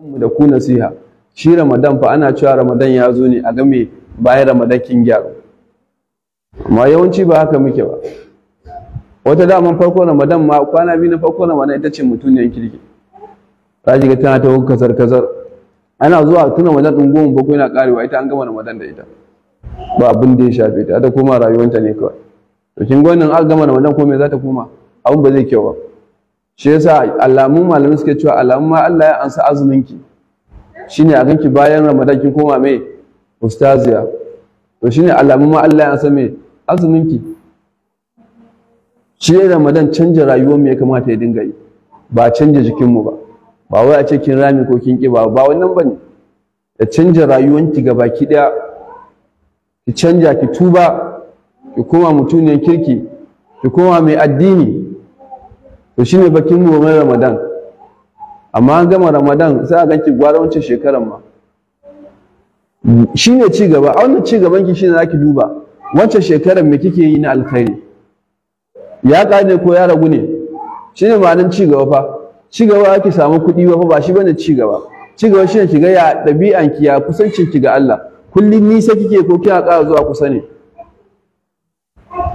kanmu da ku nasiha shi ramadan fa ana cewa ramadan ya zo ne a game bayan ramadan kin gyaru amma yawanci ba haka muke ba wata daman farko ramadan ma kwana biyu na farko ramadan ita ce ne kirki ta shiga tana ta wani kasar kasar ana zuwa tun ramadan ɗin goma bakwai na karewa ita an gama ramadan da ita ba abin da ya shafe ta ta koma rayuwanta ne kawai to kin gwanin an gama ramadan ko me za ta koma abin ba zai kyau ba shi yasa alamun malamai suke cewa alamun ma Allah ya ansa azuminki Shi shine a ganki bayan Ramadan kin koma mai ustaziya to shine alamun ma Allah ya ansa mai azuminki Shi shi Ramadan canja rayuwar mu ya kamata ya dinga yi ba canja jikin mu ba ba wai a ce kin rami ko kin kiba ba wannan bane da canja rayuwanki ga baki daya ki canja ki tuba ki koma mutuniyar kirki ki koma mai addini to shine bakin gomen ramadan amma an gama ramadan sai a ganki gwara wancan shekaran ma shine ci gaba a wannan ci gaban ki shine zaki duba wancan shekaran me kike yi na alkhairi ya kare ko ya ragu ne shine ma'anar ci gaba fa ci gaba ake samu kuɗi ba fa ba shi bane ci gaba ci gaba shine ki ga ya ɗabi'an ki ya kusancin ki ga Allah kullum nisa kike ko kina ƙara zuwa kusa ne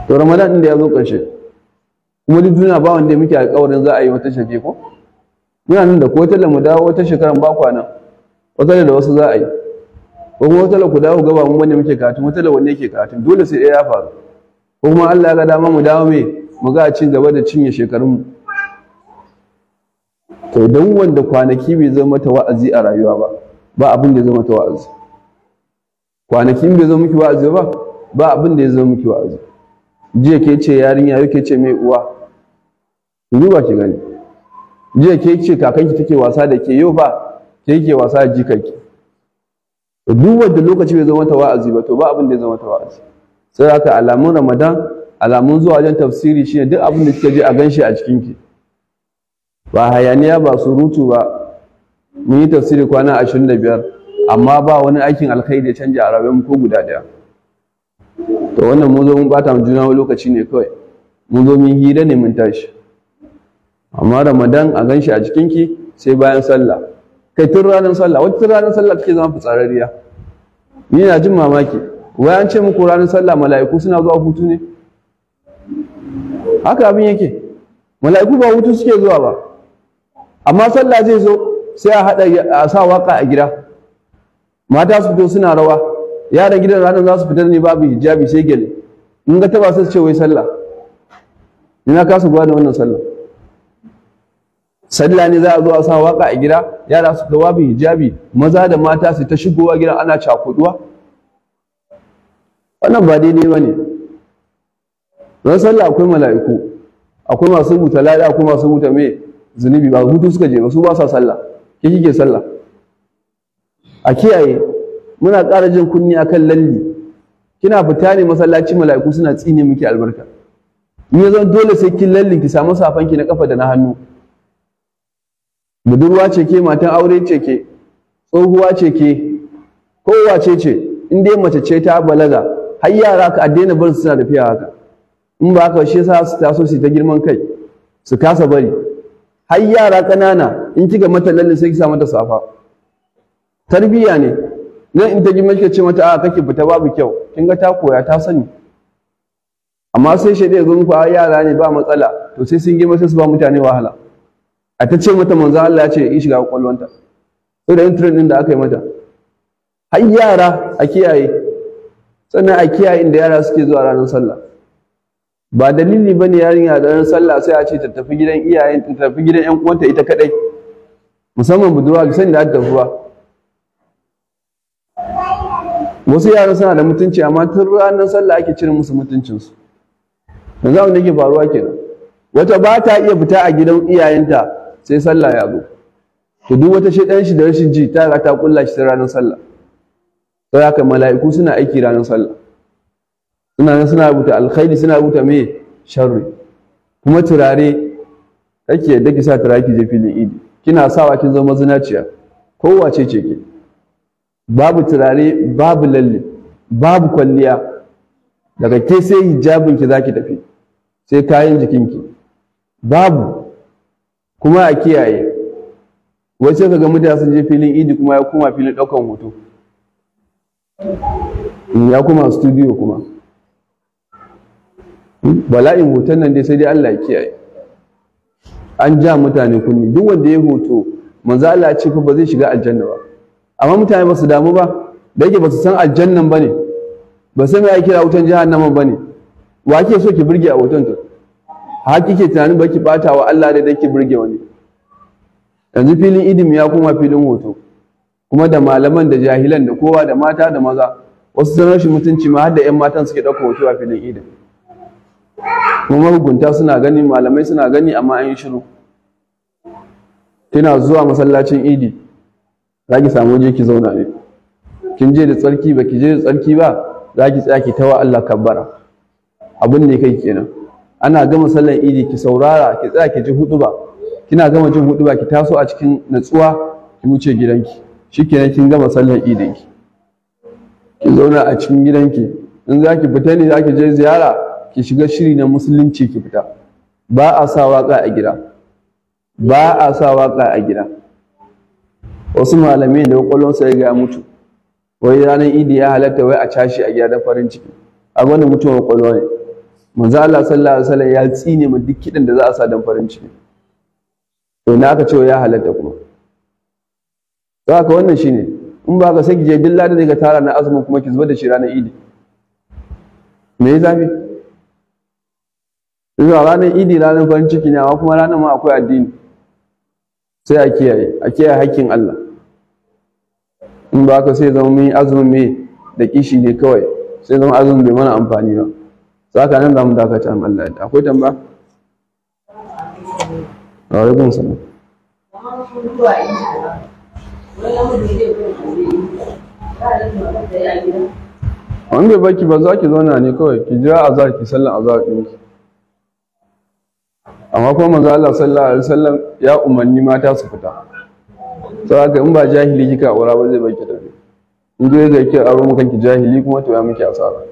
to Ramadan din da ya zo ƙarshe kuma duk duniya ba wanda muke alƙawarin za a yi wata shaje ko muna nan da ko da mu dawo wata shekaran ba kwana wata da wasu za a yi ko kuma wata ku dawo gaba mun wanda muke karatu wata da wanda yake karatu dole sai ɗaya ya faru ko kuma Allah ya ga dama mu dawo me mu ga cin gaba da cinye shekarun mu to dan wanda kwanaki bai zama mata wa'azi a rayuwa ba ba abin da ya zama mata wa'azi kwanakin bai zama miki wa'azi ba ba abin da ya zama miki wa'azi jiya ke ce yarinya yake ce mai uwa ki duba ki gani jiya ke ce kakanki take wasa da ke yau ba ke ke wasa da jikanki duk wanda lokaci bai zama ta wa'azi ba to ba abin da ya zama ta wa'azi sai haka alamun ramadan alamun zuwa wajen tafsiri shine duk abin da kika je a ganshi a cikinki. ba hayaniya ba surutu ba mun yi tafsiri kwana biyar, amma ba wani aikin alkhairi da canja a rayuwar ko guda daya to wannan mun zo mun bata mu juna lokaci ne kawai mun zo mun hira ne mun tashi amma ramadan a ganshi a cikinki sai bayan sallah kai tun ranar sallah wata tun ranar sallah take zama fitsararriya ni na jin mamaki wai an ce muku ranar sallah mala'iku suna zuwa hutu ne haka abin yake mala'iku ba hutu suke zuwa ba amma sallah zai zo sai a haɗa a sa waka a gida mata su fito suna rawa yaran gidan ranar za su fitar ne babu hijabi sai gele in ga taba sai ce wai sallah ina kasa gwada wannan sallah salla ne za a zo a sa waka a gida yara su dawabin hijabi maza da mata su ta shigowa gida ana cakuduwa wannan ba daidai ba ne don sallah akwai mala'iku akwai masu rubuta lada akwai masu rubuta mai zunubi ba hutu suka je ba su ba sa sallah ke kike sallah a kiyaye muna ƙara jin kunni akan lalli kina fita ne masallaci mala'iku suna tsine miki albarka in zan dole sai kin lallin ki samu safanki na kafa da na hannu budurwa ce ke matan aure ce ke tsohuwa ce ke kowa ce ce in dai mace ce ta balaga har yara ka addena bar suna tafiya haka in ba haka shi yasa su taso su ta girman kai su kasa bari har yara kanana in kika mata lalle sai ki mata safa tarbiya ne nan in ta girma kika ce mata a kake fita babu kyau kin ga ta koya ta sani amma sai shaidu ya zo muku yara ne ba matsala to sai sun girma sai su ba mutane wahala a ta ce mata manzo Allah ya ce in shiga kwakwalwanta sai da intanet din da aka yi mata har yara a kiyaye sannan a kiyaye inda yara suke zuwa ranar sallah ba dalili ba ne yarinya da ranar sallah sai a ce ta tafi gidan iyayen ta tafi gidan yan uwanta ita kadai musamman budurwa ga sani da ta tafi ba wasu yara suna da mutunci amma tun ranar sallah ake cire musu mutuncinsu yanzu abin da yake faruwa kenan wata ba ta iya fita a gidan iyayenta sai sallah ya zo to duk wata shaidan shi da rashin ji ta ga ta kulla shi sai ranar sallah sai haka mala'iku suna aiki ranar sallah suna nan suna rubuta alkhairi suna rubuta me sharri kuma turare kake da kisa turare ki je filin idi kina sawa kin zama zinaciya kowace ce ke babu turare babu lalle babu kwalliya daga ke sai hijabin ki zaki tafi sai kayan jikinki babu kuma a kiyaye wace kaga mutane sun je filin idi kuma ya koma filin ɗaukan hoto hmm, ya koma studio kuma hmm, bala'in hoton nan dai sai dai Allah ya kiyaye an ja mutane kunni duk wanda ya hoto manzo Allah ya ce fa ba zai shiga aljanna ba amma mutane ba su damu ba da yake ba su san aljannan ba ne ba sai mai me ake kira wutan jahannama ba ne wa ake so ki burge a hoton to Haƙi kike tunanin baki bata wa Allah da dake burge wani yanzu filin idim ya kuma filin hoto kuma da malaman da jahilan da kowa da mata da maza wasu sun rashin mutunci ma har da yan matan suke ɗauka hoto a filin idimi kuma mahukunta suna gani malamai suna gani amma an yi shiru kina zuwa masallacin idi za ki samu je ki zauna ne kin je da tsarki ba ki je da tsarki ba za ki tsaya ki tawa Allah kabbara abin ne kai kenan ana gama sallar idi ki saurara ki tsaya ki ji huduba kina gama jin huduba ki taso a cikin natsuwa ki wuce gidanki shikenan kin gama sallar idin ki ki zauna a cikin gidanki in za ki fita ne za ki je ziyara ki shiga shiri na musulunci ki fita ba a sa waka a gida ba a sa waka a gida wasu malamai da kwakwalwansa ya ga mutu wai ranar idi ya halatta wai a cashi a gida da farin ciki a gwanin mutuwar kwakwalwa ne manzo Allah sallallahu alaihi wasallam ya tsine mu duk kidan da za a sa dan farin ciki to na aka ce ya halatta kuma to haka wannan shine in ba ka sai ki je dilla da ka tara na azumin kuma ki zuba da shi ranar idi me ya zafi zuwa ranar idi ranar farin ciki ne amma kuma ranar ma akwai addini sai a kiyaye a kiyaye hakkin Allah in ba ka sai zama mun azumin me da kishi ne kawai sai zama azumin bai mana amfani ba ka nan zamu dakata in Allah ya akwai tamba wa alaikum salam an bai baki ba za ki zauna ne kawai ki jira a za ki sallan a za ki amma kuma manzo Allah sallallahu alaihi wasallam ya umarni mata su fita sai haka in ba jahili kika aura ba zai baki da in dai zai ki aure mukan ki jahili kuma to ya miki asara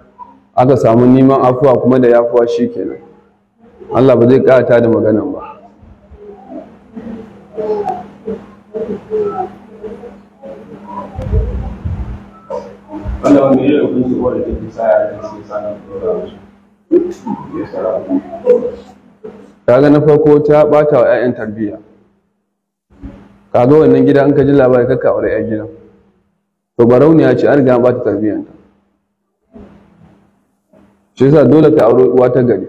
aka samu neman afuwa kuma da yafuwa kenan. Allah ba zai ƙata da maganan ba kaga na farko ta bata wa 'ya'yan tarbiyya kaga wannan gida an ka ji labari kakka aure 'yan gidan to ya ce an riga ba ta tarbiyyanta shi yasa dole ka auro uwa ta gari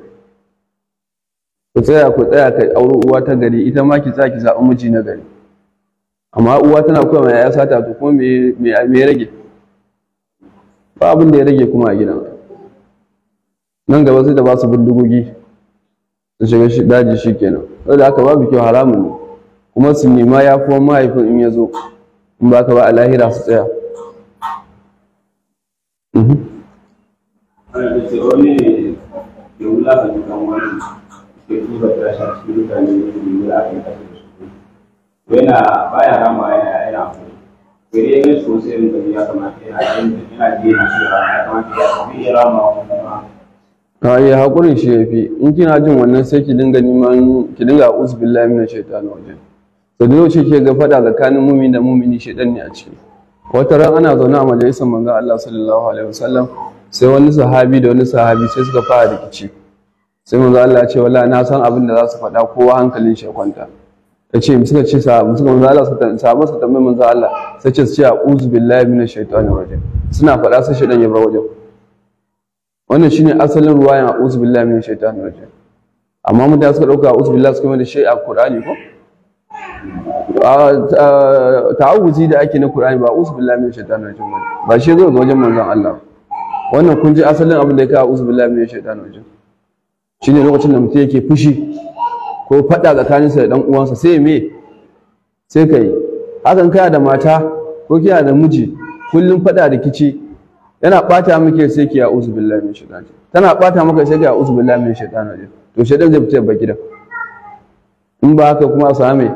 ku tsaya ku tsaya ka auro uwa ta gari ita ma ki tsaya ki zaɓi miji na gari amma uwa tana kuma mai ya sata to kuma me me ya rage ba abin da ya rage kuma a gidan nan gaba sai da ba su bindigogi su shiga daji shi kenan saboda haka babu kyau haramun ne kuma su nema ya kuma mahaifin in ya zo in ba ka ba a lahira su tsaya mhm. ana da ce wani ne ya wulaka dukan wani ke tuba ta shafi mutane ne da wulaka ta da to yana baya rama yana yana hakuri to dai ne so sai rinka ya kamata yana yana jiya shi ya kamata ya kamata ya rama kuma a yi haƙurin shi ya fi in kina jin wannan sai ki dinga neman ki dinga a'udhu billahi minash shaitani rajim to dole shi ke ga fada tsakanin mumin da mumini shaitan ne a ciki wata ran ana zaune a majalisar manzon Allah sallallahu alaihi wasallam sai wani sahabi da wani sahabi sai suka fara rikici sai manzo Allah ya ce wallahi na san abin da za su faɗa kowa hankalin shi ya kwanta yace suka ce sahabi suka manzo Allah suka sahabi suka tambaye manzo Allah sai ce su ce a'udhu billahi minash shaitanir rajim suna faɗa sai shaitan ya bar wajen wannan shine asalin ruwayan a'udhu billahi minash shaitanir rajim amma da suka dauka a'udhu billahi suka mai shi a Qur'ani ko ta'awuzi da ake na Qur'ani ba a'udhu billahi minash shaitanir rajim ba shi zo wajen manzon Allah wannan kun ji asalin abin da ya kawo uzu billahi min shaitanir Shi shine lokacin da mutum yake fushi ko faɗa tsakaninsa da dan uwansa sai me sai kai hakan kai da mata ko kina da miji kullum faɗa rikici yana ɓata maka sai kiya uzu billahi min shaitanir tana ɓata maka sai kiya ya uzu billahi min shaitanir rajim to shaitan zai fita ba gidan in ba haka kuma a same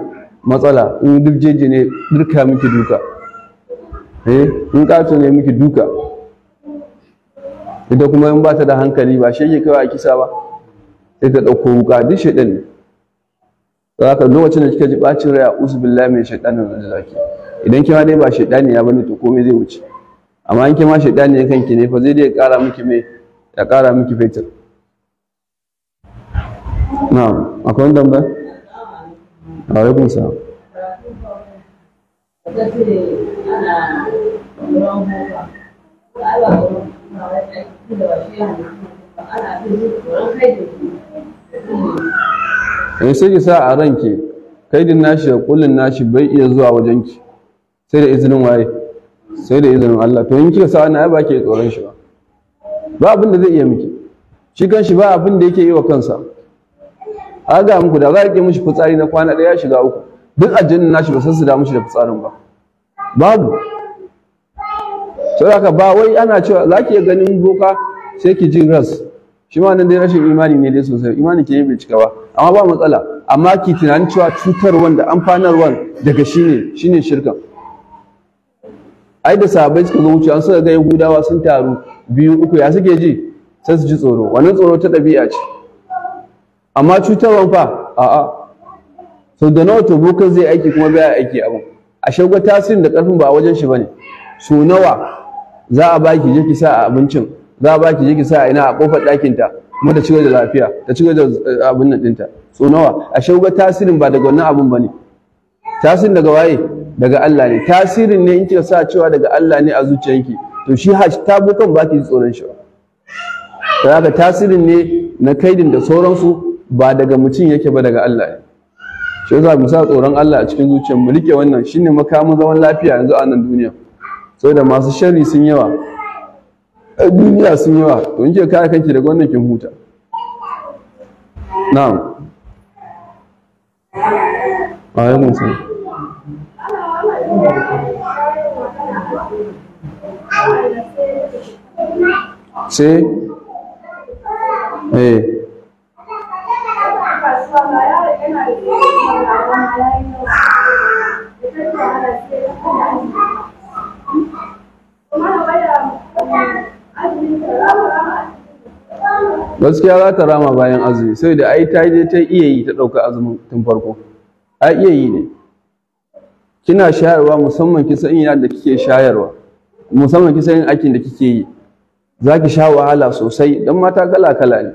matsala in duk jeje ne duka miki duka eh in ƙato ne miki duka ita kuma in ba ta da hankali ba shi yake kawai a kisa ba sai ta ɗauko wuka duk shaɗan ne za ka lokacin da kika ji bacin rai a usu billahi mai shaɗan da zaki idan kima dai ba ne ya bane to komai zai wuce amma in kima ne ya kanki ne fa zai dai ƙara miki mai ya ƙara miki fetur akwai ba a alaikum ana in eh, sai ki sa a ranki kaidin nashi da kullun nashi bai iya zuwa wajenki sai da izinin waye sai da izinin Allah to in kika sa wannan ai ba ke tsoron shi ba ba abin da zai iya miki shi kanshi ba abin da yake yi wa kansa a ga muku da za a ke mishi fitsari na kwana ɗaya shiga uku duk aljannin nashi ba san su da mishi da fitsarin ba babu sau haka ba wai ana cewa za ki ganin boka sai ki jin ras shi ma nan dai rashin imani ne dai sosai imani ke bai cika ba amma ba matsala amma ki tunanin cewa cutarwan da amfanarwan daga shi ne shi ne shirka ai da sahabbai suka zo wuce an suka ga yahudawa sun taru biyu uku ya suke ji sai su ji tsoro wannan tsoro ta ɗabi'a ce amma cutarwan fa a'a sau da nawa to bokan zai aiki kuma baya aiki abu? ashe ga tasirin da ƙarfin ba a wajen shi bane so nawa za a ba je ki sa a abincin za a ba je ki sa a ina a kofar ɗakin ta kuma ta cire da lafiya ta cire da eh, abin nan ɗinta so nawa a shauga tasirin ba daga wannan abin bane tasirin daga waye daga Allah ne tasirin ne in kika sa cewa daga Allah ne a zuciyanki to shi hajj ta bukan ba ki tsoron shi ba haka tasirin ne na kaidin da sauransu ba daga mutum yake ba daga Allah ne shi yasa mu sa tsoron Allah a cikin zuciyarmu rike wannan shine makamin zaman lafiya yanzu a nan duniya saboda masu shari sun yawa duniya sun yawa to in ke kare kanki daga wannan kin huta na'am mun salam sai eh gaskiya za ta rama bayan azumi sai da ai ta je ta iya yi ta ɗauka azumin tun farko a iya yi ne kina shayarwa musamman kisan yin da kike shayarwa musamman kisan yin aikin da kike yi za ki sha wahala sosai Dan mata kala kala ne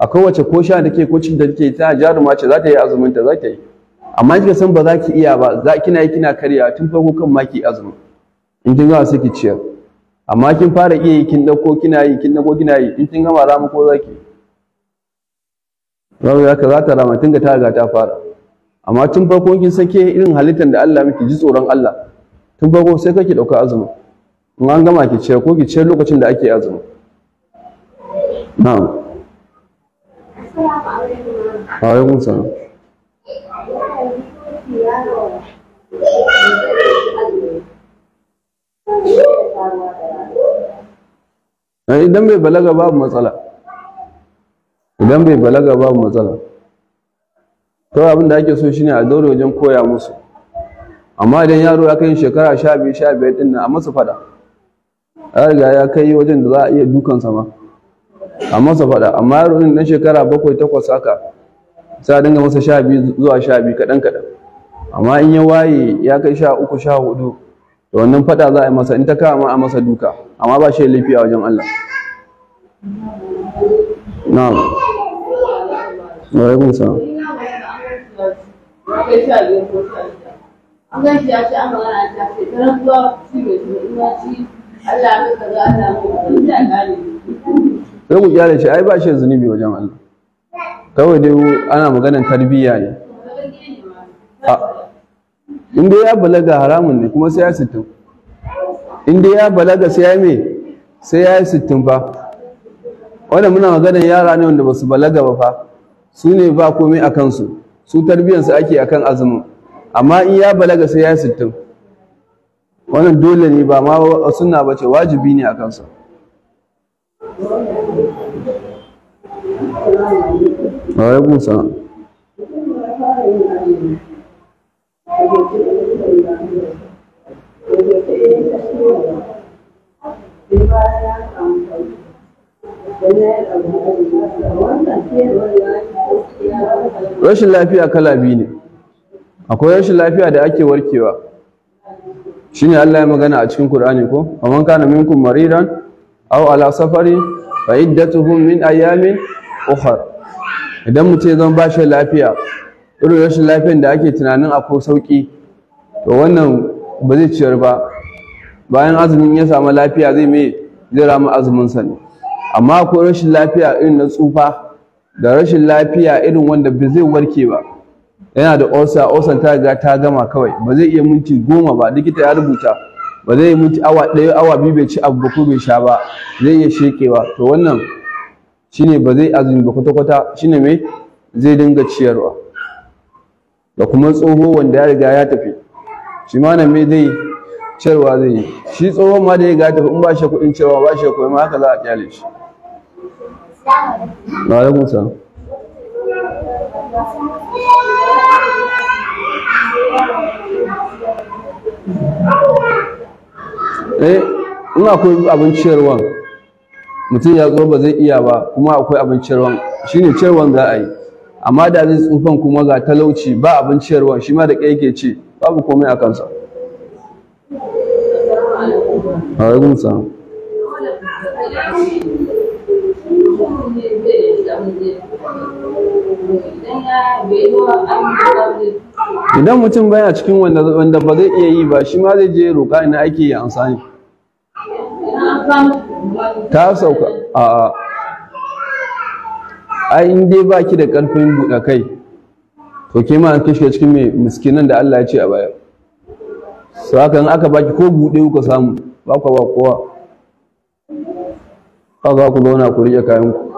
a kowace ko sha da ke ko cin da ke ta jaruma ce za ta yi azumin ta za ta yi amma kika san ba za ki iya ba za kina yi kina karya tun farko kan maki ki azumin in kin ga sai ki ciyar amma kin fara iya yi kin dauko kina yi kin dauko kina yi in kin gama ramu ko zaki zamu zaka za ta rama ga ta ga ta fara amma tun farko kin sake irin halittar da Allah miki ji tsoron Allah tun farko sai kake dauka azumi in an gama ki ce ko ki ce lokacin da ake azumi na'am alaikum salam Thank you. Eh, idan bai balaga babu matsala idan bai balaga babu matsala kawai abin da ake so shine a daure wajen koya musu amma idan yaro ya kai shekara sha biyu sha biyar din nan a masa fada ya riga ya kai wajen da za a iya dukan ma a masa fada amma yaro din na shekara bakwai takwas haka sai a dinga masa sha biyu zuwa sha biyu kaɗan kaɗan amma in ya waye ya kai sha uku sha hudu da wannan fada za a yi masa in ta kama a masa duka amma ba shi laifi a wajen Allah na'am wa shi ya ce sai mu gyara shi ai ba shi zunubi wajen Allah kawai dai ana maganar tarbiyya ne in dai ya balaga haramun ne kuma sai ya sittin inda ya balaga sai ya me sai ya yi sittin fa wannan muna maganar yara ne wanda ba su balaga ba fa su ne ba komai a kansu su tarbiyyarsu ake a kan azumin amma in ya balaga sai ya yi sittin wannan dole ne ba ma suna ba ce wajibi ne a kansa rashin lafiya kala biyu ne akwai rashin lafiya da ake warkewa shine Allah ya magana a cikin Qur'ani ko faman kana minkum maridan aw ala safari fa iddatuhum min ayamin ukhra idan mutum zan ba shi lafiya irin rashin lafiyar da ake tunanin akwai sauki to wannan ba zai ciyar ba bayan azumin ya samu lafiya zai mai zai rama azumin sa amma akwai rashin lafiya irin na tsufa da rashin lafiya irin wanda ba zai warke ba yana da osa osan ta riga ta gama kawai ba zai iya minti goma ba likita ya rubuta ba zai minti awa ɗaya awa biyu bai ci abu ko bai sha ba zai iya shekewa to wannan shine ba zai azumi ba kwata-kwata shine mai zai dinga ciyarwa da kuma tsoho wanda ya riga ya tafi shi ma nan mai zai ciyarwa zai yi shi tsoho ma da ya riga tafi in ba shi kuɗin ciyarwa ba shi kuɗin ma haka za a kyale shi وعليكم السلام eh in akwai abin ciyarwan mutum ya zo ba zai iya ba kuma akwai abin ciyarwan shine ciyarwan za a yi amma da zai tsufan kuma ga talauci ba abin ciyarwan shi ma da kai yake ci babu komai a kansa alaikum salam idan mutum baya cikin wanda ba zai iya yi ba shi ma zai je roƙa ina ake yi sani ta sauka a a in dai baki da ƙarfin buɗa kai to ke ma an kashe cikin mai miskinan da Allah ya ce a baya su haka in aka baki ko buɗe kuka samu ba ku ba kowa ba za ku zauna ku riƙe kayanku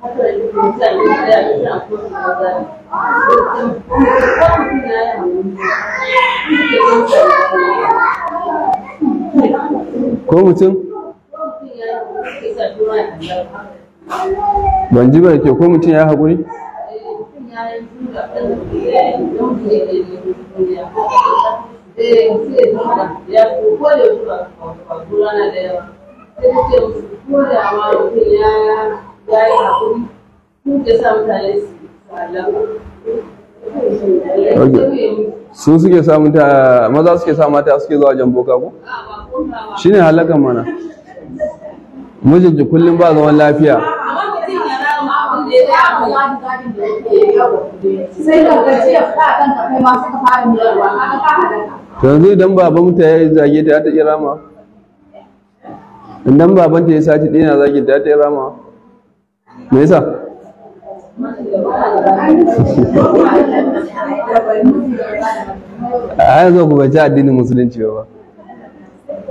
ko mutum ban ji ba ke ko mutum ya haƙuri ya ya yi haƙuri ku sa mutane su su suke samun ta maza suke sa mata suke zuwa jan boka ko ne halakan mana mijinki kullum ba zaman lafiya yanzu idan baban ta ya zage ta ta iya rama idan baban ta ya sace ɗaya zage ta ta iya rama me yasa a yanzu ku bai ci addinin musulunci ba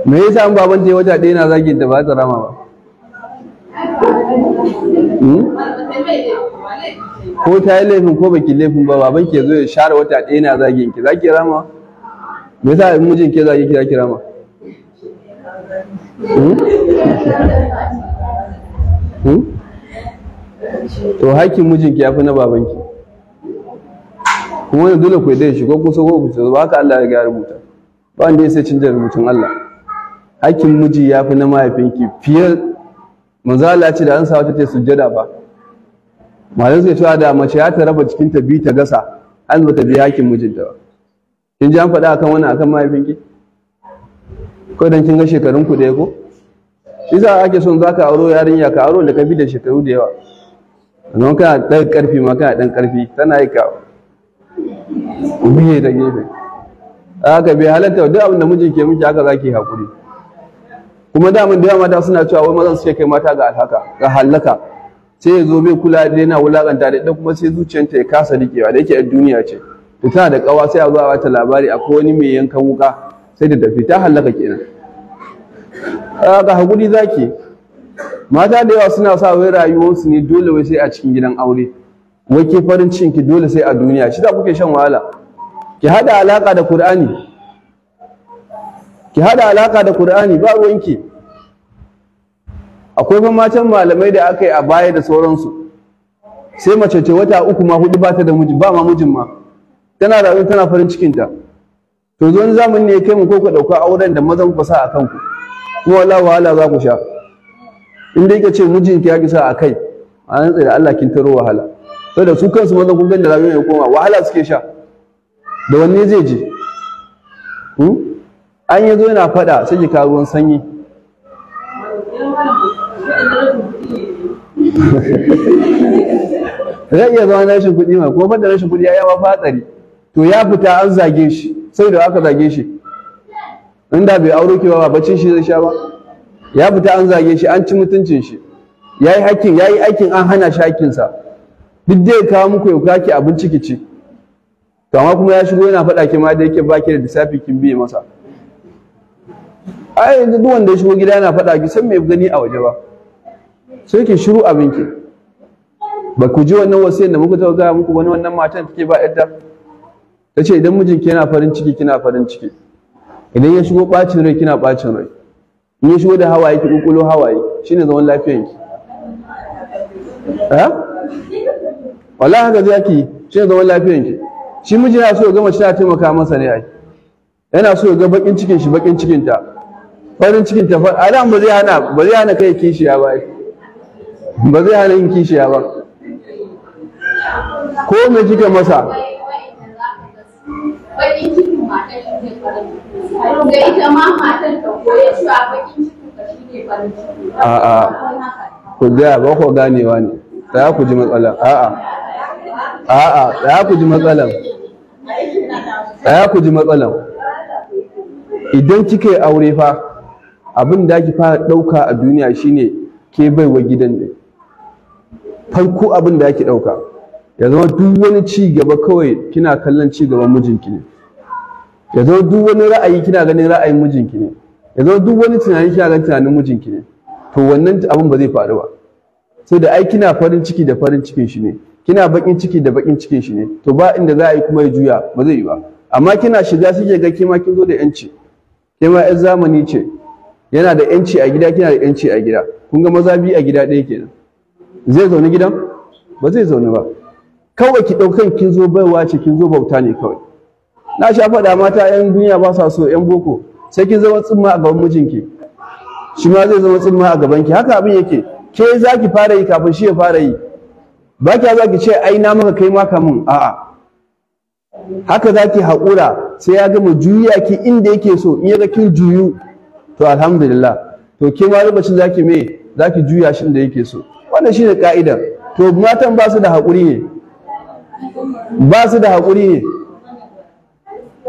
me yasa an baban ce wata ɗaya na zagi da ba ta rama ba hmm? ko ta yi laifin ko baki laifin ba baban ke zo ya share wata ɗaya na zagin ki zaki rama me yasa in mijin ke zagi ki zaki rama hmm? to haƙƙin mijinki ya fi na babanki kuma yanzu dole ku dai shi ko kun so ko kusa, ba haka Allah ya rubuta ba wanda ya sai cin rubutun Allah hakkin miji ya fi na mahaifinki fiye manzala ce da an sa wata ta sujjada ba malam sai cewa da mace ya ta raba cikin ta bi ta gasa an ba ta bi haƙƙin mijinta ba kin ji an faɗa akan wani akan mahaifinki ko dan kin ga shekarun ku ɗaya ko Iza ake son zaka auro yarinya ka auro da ka bi da shekaru da yawa don ka ɗan karfi ma ka dan karfi. tana yi ka biye da gefe haka bai halatta duk abin da mijin ke miki haka zaki hakuri kuma daman da yawa mata suna cewa wai mazan suke kai mata ga alhaka ga halaka sai ya zo bai kula da yana wulakanta da ita kuma sai zuciyanta ya kasa rikewa da yake yar duniya ce ta tana da kawa sai a zo a bata labari akwai wani mai yankan wuka sai da tafi ta halaka kenan haka hakuri zaki mata da yawa suna sa wai rayuwarsu ne dole wai sai a cikin gidan aure wai ke farin cikin ki dole sai a duniya shi za kuke shan wahala ki hada alaka da Qur'ani ki hada alaka da Qur'ani ba ruwanki akwai fa matan malamai da aka yi a baya da sauransu sai mace ce wata uku ma hudu ta da miji ba ma mijin ma tana rayuwa tana farin cikin ta to zuwan zamani ne kai mu ko ku dauka auren da mazan ku sa a kanku kuma wala wahala za ku sha in dai mijin mijinki ya kisa a kai a nan tsaye da Allah kin taro wahala da su kansu mazan kun gani da rayuwar ya koma wahala suke sha da wanne zai je hmm? an yi zo yana faɗa sai ki kawo ruwan sanyi zai iya zama rashin kuɗi mai, kuma fadda rashin kuɗi ya yi fatsari to ya fita an zage shi sai da aka zage shi inda bai auro kewa ba bacin shi zai sha ba ya fita an zage shi an ci mutuncin shi ya yi hakkin ya yi aikin an hana shi hakkinsa duk da ya kawo muku ya kake abinci ki ci to amma kuma ya shigo yana faɗa ki ma da yake baki da lissafi kin biye masa ai yanzu duk wanda ya shigo gida yana faɗa ki san me gani a waje ba sai ki shiru abin ki. ba ku ji wannan wasiyar da muka taɓa gaya muku wani wannan matan take ba yadda ta ce idan mijinki yana farin ciki kina farin ciki idan ya shigo ɓacin rai kina ɓacin rai Ni shigo da hawaye ki kukulo hawaye shine zaman lafiyan ki ha wallahi haka zai ki shine zaman lafiyan ki shi miji yana so ya ga mace ta taimaka masa ne ai yana so ya ga bakin cikin shi bakin cikin ta farin cikin ta a da ba zai hana ba zai hana kai kishiya ba ba zai hana yin kishiya ba ko me kike masa A'a. Ku gaya ba ku ganewa ne. Tsaya ku ji matsala. A'a. A'a, tsaya ku ji matsalan. Tsaya ku ji matsalan. Idan kika yi aure fa abin da ki fara ɗauka a duniya shine ke baiwa gidan ne. Farko abin da ki ɗauka. ya zama duk wani ci gaba kawai kina kallon ci gaban mijinki ne ya zo duk wani ra'ayi kina ganin ra'ayin mijinki ne ya zo duk wani tunani kina ganin tunanin mijinki ne to wannan abin ba zai faru ba sai da ai kina farin ciki da farin cikin shi ne kina bakin ciki da bakin cikin shi ne to ba inda za a yi kuma ya juya ba zai yi ba amma kina shiga suke ga kima kin zo da yanci kima yan zamani ce yana da yanci a gida kina da yanci a gida kun ga maza biyu a gida ɗaya kenan zai zaune gidan ba zai zaune ba kawai ki ɗaukan kin zo baiwa ce kin zo bauta ne kawai na sha faɗa mata 'yan duniya ba sa so 'yan boko sai ki zama tsimma a gaban mijinki shi ma zai zama tsimma a gabanki haka abin yake ke za ki fara yi kafin shi ya fara yi ba kya za ki ce ai na maka kai ma kamun a'a haka za ki haƙura sai ya gama juya ki inda yake so in ya ga kin juyu to alhamdulillah to ke ma lokacin za ki me za ki juya shi inda yake so wannan shine ka'idar to matan ba su da haƙuri ne ba su da haƙuri ne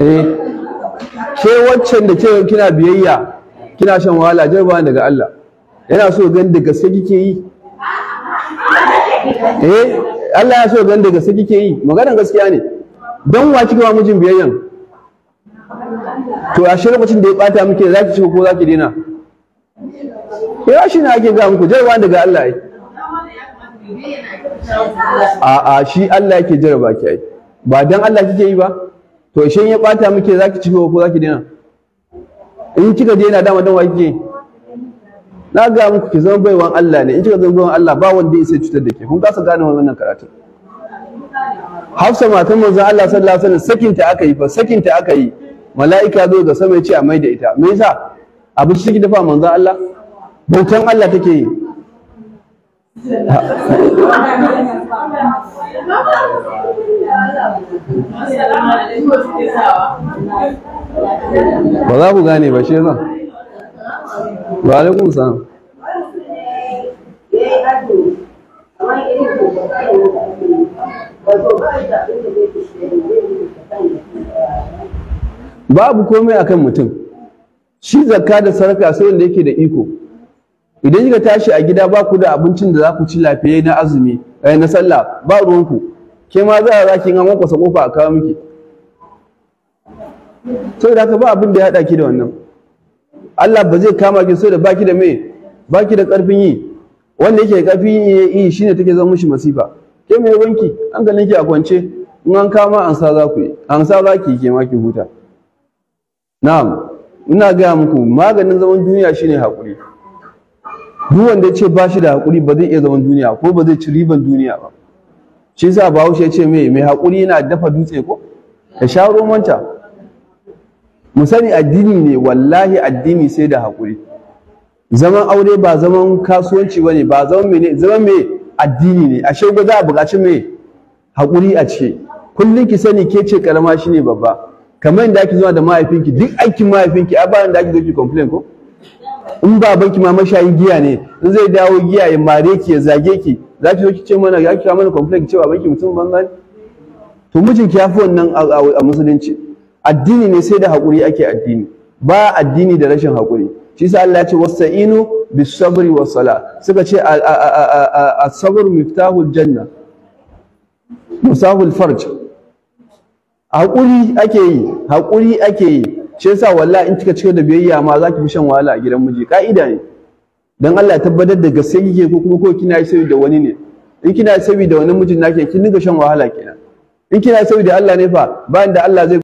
Eh, ke waccan da ke kina biyayya kina shan wahala ba daga Allah yana so gan da gaske kike yi eh Allah ya so gan da gaske kike yi maganar gaskiya ne dan wa kike ba mijin biyayyan to a lokacin da ya bata muke zaki ci ko zaki dena ya shi na ake ga muku ba daga Allah ai a a shi Allah yake ba ki ai ba dan Allah kike yi ba to shin ya bata muke zaki ci ko zaki dena in kika je yana dama dan wa kike na ga muku ki zama baiwan Allah ne in kika zama baiwan Allah ba wanda sai cutar da ke kun kasa gane wannan karatu Hafsa matan manzon Allah sallallahu alaihi wasallam sakinta aka yi fa sakinta aka yi mala'ika zo ga sama ya ce a mai da ita me yasa abinci take dafa manzon Allah bautan Allah take yi ba za ku gane ba shi yasa ba alaikum salam babu komai akan mutum shi zakka da sarka sai wanda yake da iko idan kika tashi a gida ba ku da abincin da za ku ci lafiya na azumi eh, na sallah ba ruwanku ke ma za a za ki ngan kwasa kofa a kawo miki Sau da haka ba abin da ya haɗa ki da wannan Allah ba zai kama ki so da baki da mai baki da ƙarfin yi wanda yake ƙarfin yi yi ne take zama mishi masifa ke me wanki ganin ki a kwance in an kama an sa za ku yi an sa za ki ke ma ki huta na'am ina gaya muku maganin zaman duniya shine haƙuri duk wanda ya ce ba shi da haƙuri ba zai iya zaman duniya ko ba zai ci riban duniya ba shi yasa bahaushe ya ce mai mai haƙuri yana dafa dutse ko ka sha romanta mu sani addini ne wallahi addini sai da haƙuri zaman aure ba zaman kasuwanci bane ba zaman ne zaman me addini ne ashe ba za a buƙaci mai haƙuri a ce kullum ki sani ke ce karama ne babba kamar yadda ake zuwa da mahaifinki duk aikin mahaifinki a bayan da ake zo ki complain ko in babanki ma mashayin giya ne in zai dawo giya ya mare ki ya zage ki za ki zo ki ce mana ya kira mana complain cewa banki mutum banza to mijinki ya fi wannan a musulunci addini ne sai da hakuri ake addini ba addini da rashin haƙuri shi yasa Allah ya ce wasta'inu bis sabri was sala suka ce as-sabr miftahul janna musahul farj haƙuri ake yi haƙuri ake yi shi yasa wallahi in kika cika da biyayya ma za ki fi shan wahala a gidan miji ka'ida ne dan Allah ya tabbatar da gaske kike ko kuma ko kina sabi da wani ne in kina sabi da wani mijin nake kin dinga shan wahala kenan in kina sabi da Allah ne fa bayan da Allah zai